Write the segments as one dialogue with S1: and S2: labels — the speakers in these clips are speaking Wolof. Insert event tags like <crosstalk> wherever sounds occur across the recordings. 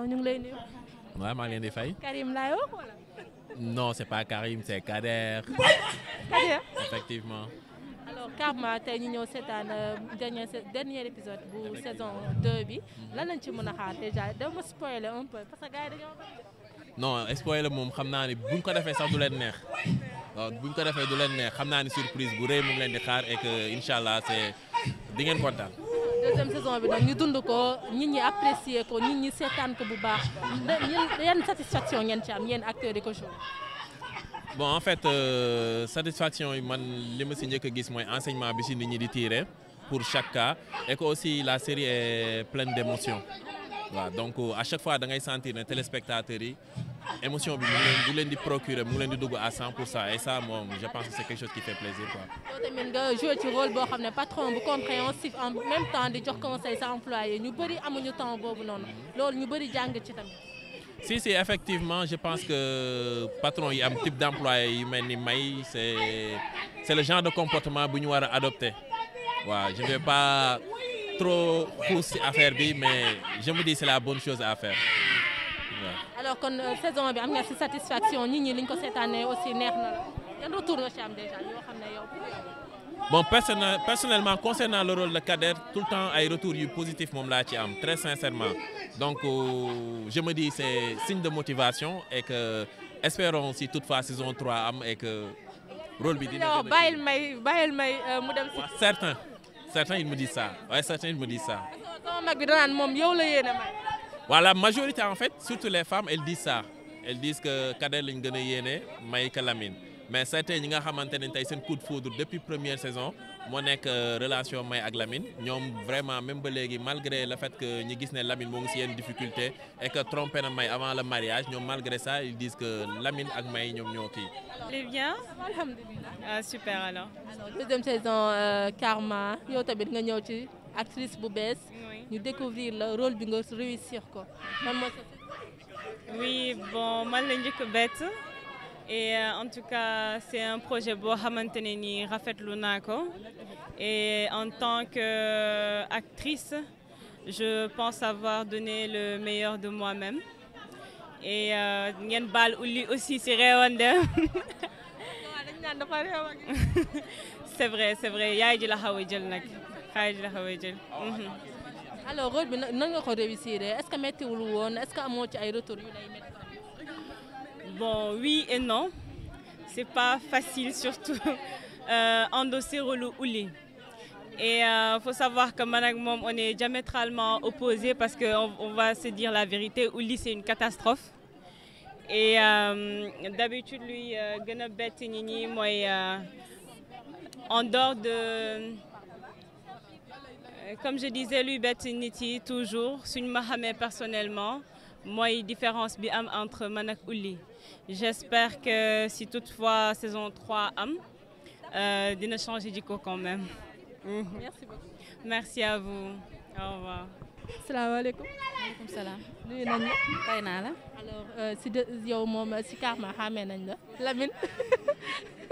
S1: ñu ngi lay nuyu.
S2: waaw maa ngi leen di fay.
S1: Karim laay wax wala.
S2: non c'est pas Karim c'est Kader. Kader effectivement.
S1: alors tey ñu ñëw seetaan euh, dernier épisode bu saison bi lan lañ ci mën a xaar déjà dama spoiler un peu parce que gars yi dañoo.
S2: non spoiler moom xam naa ni buñ ko defee sax du leen neex waaw buñ ko defee du leen neex xam naa ni surprise bu rëy moom leen di xaar et que allah c'est di ngeen kontaan.
S1: deuxième saison bi nag ñu dund ko nit ñi apprécier ko nit ñi seetaan ko bu baax yan satisfaction ngeen ci am yéen acteurs yi ko joué.
S2: bon en fait euh, satisfaction yi man li ma si njëkk gis mooy enseignement bi si ni ñi di tirer pour chaque cas et que aussi la série est pleine d'émotions waaw donc euh, à chaque fois da ngay sentir ne téléspectateurs yi émotion bi mu leen di procurer mu leen di dugg à 100 pour cent et ça moom je pense que c'est quelque chose qui fait plaisir
S1: quoi. yow ci rôle boo xam ne patron bu compréhensif en même temps di jox conseil sa employé ñu bëri amuñu temps boobu noonu loolu ñu bëri jàng ci tamit.
S2: si si effectivement je pense que patron yi am type d'employé yu mel ni may c'est c'est le genre de comportement bu ñu war a adopter waaw trop xuus ci affaire bi mais je me dis c'est la bonne chose à faire waaw.
S1: alors kon euh, saison bi am nga ci satisfaction nit ñi liñ ko seetaanee aussi neex na la yan retour nga ci am déjà yoo xam ne yow.
S2: bon personnel personnellement concernant le rôle de Kader tout le temps ay retours yu positif moom laa ci am très sincèrement donc euh, je me dis c'est signe de motivation et que espérons si toutefois saison 3 am et que rôle bi dina.
S1: bàyyil may bàyyil may euh, mu dem si.
S2: certain. certains ils me disent ça waaye ouais, certains ils me disent ça.
S1: mag bi danaan moom yow la yéene may.
S2: voilà majorité en fait surtout les femmes elles disent ça elles disent que Kader lañ gën a yéene may ka Lamine. mais certains ñi nga xamante ne tey seen coup de foudre depuis première saison moo nekk euh, relation May ak Lamine ñoom vraiment même ba léegi malgré le fait que ñi gis ne Lamine moo ngi si yenn difficulté et que na May avant le mariage ñoom malgré sa ils disent que Lamine ak May ñoom ñoo kii.
S3: allez bien alhamdulilah. Ah, alors.
S1: deuxième saison euh, Karma yow tamit nga ñëw ci actrice bu bees. ñu découvrir la rôle bi nga réussir ko
S3: man la njëkk bett. et euh, en tout cas c'est un projet boo xamante ne nii rafetlu naa ko et en tant que actrice je pense avoir donné le meilleur de moi-même et euh, ngeen baal ulli aussi si réewandem <laughs> c'est vrai c'est vrai yaay ji la xaw a jël nag yaay ji la xaw a jël mhm.
S1: alors rôle bi nan nga ko réussir est-ce que méttiwul woon est-ce que amoo ci ay retour yu lay métti
S3: Bon, oui et non. C'est pas facile, surtout <laughs> euh, endosser Relou Ouli. Et il euh, faut savoir que Managmom, on est diamétralement opposés parce qu'on on va se dire la vérité. Ouli, c'est une catastrophe. Et euh, d'habitude, lui, euh, Gunabet Nini, moi, euh, en dehors de. Euh, comme je disais, lui, Betiniti, toujours, c'est une Mahamet personnellement. mooy différence bi am entre man ak Ouli j'espère que si toutefois saison trois am euh, dina changer jikko quand même. Mhm. merci beaucoup à vous au revoir. naa la.
S1: alors euh, si si Karma xàmmee nañ la <laughs>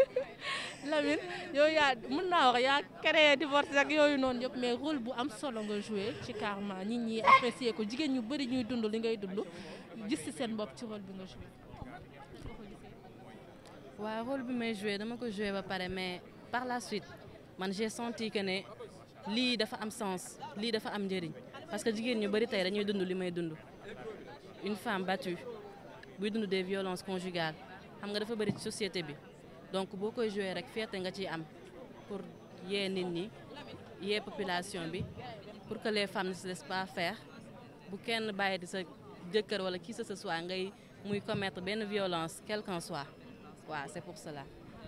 S1: Lamine yooyu yaa mën naa wax yaa créé divorce ak yooyu noonu yëpp mais rôle bu am solo nga joué ci Karma nit ñi apprécié ko jigéen ñu bëri ñuy dund li ngay dund
S4: gis ci seen bopp ci rôle bi nga joué. waaw rôle bi may joué dama ko joué ba pare mais par la suite man j'ai senti que ne lii dafa am sens lii dafa am njëriñ parce que jigéen ñu bëri tey dañuy dund li may dund une femme battue buy dund de violences conjugales xam nga dafa bëri ci société bi. donc boo koy joué rek feete nga ci am pour yee nit ñi yee population bi pour que les femmes ne se laissent pas faire bu kenn bàyyi di sa jëkkër wala kii sa ce soit ngay muy commettre benn violence quel qu'en soit waaw c'est pour cela.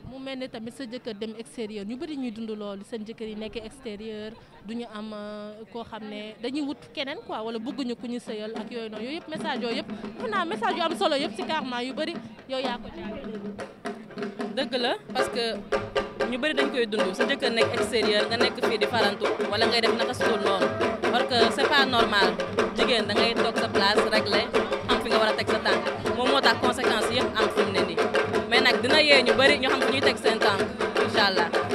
S1: mu mel ni tamit sa jëkkër dem extérieur ñu bëri ñuy dund loolu seen jëkkër yi nekk extérieur du ñu am euh, koo xam ne dañuy wut keneen quoi wala bëgguñu ku ñu sëyal ak yooyu noonu yooyu yëpp message yooyu yëpp mun naa message yu am solo yëpp ci carrément yu bëri yow
S4: dëgg la parce que ñu bëri dañ koy dund sa jëkkër nekk extérieur nga nekk fii di farantu wala ngay def naka sudul noonu parce que c'est pas normal jigéen da ngay toog sa place réglé am fi nga war a teg sa tànk moom moo tax conséquences yëpp am fi ne nii mais nag dina yee ñu bëri ñu xam fi ñuy teg seen tànk incha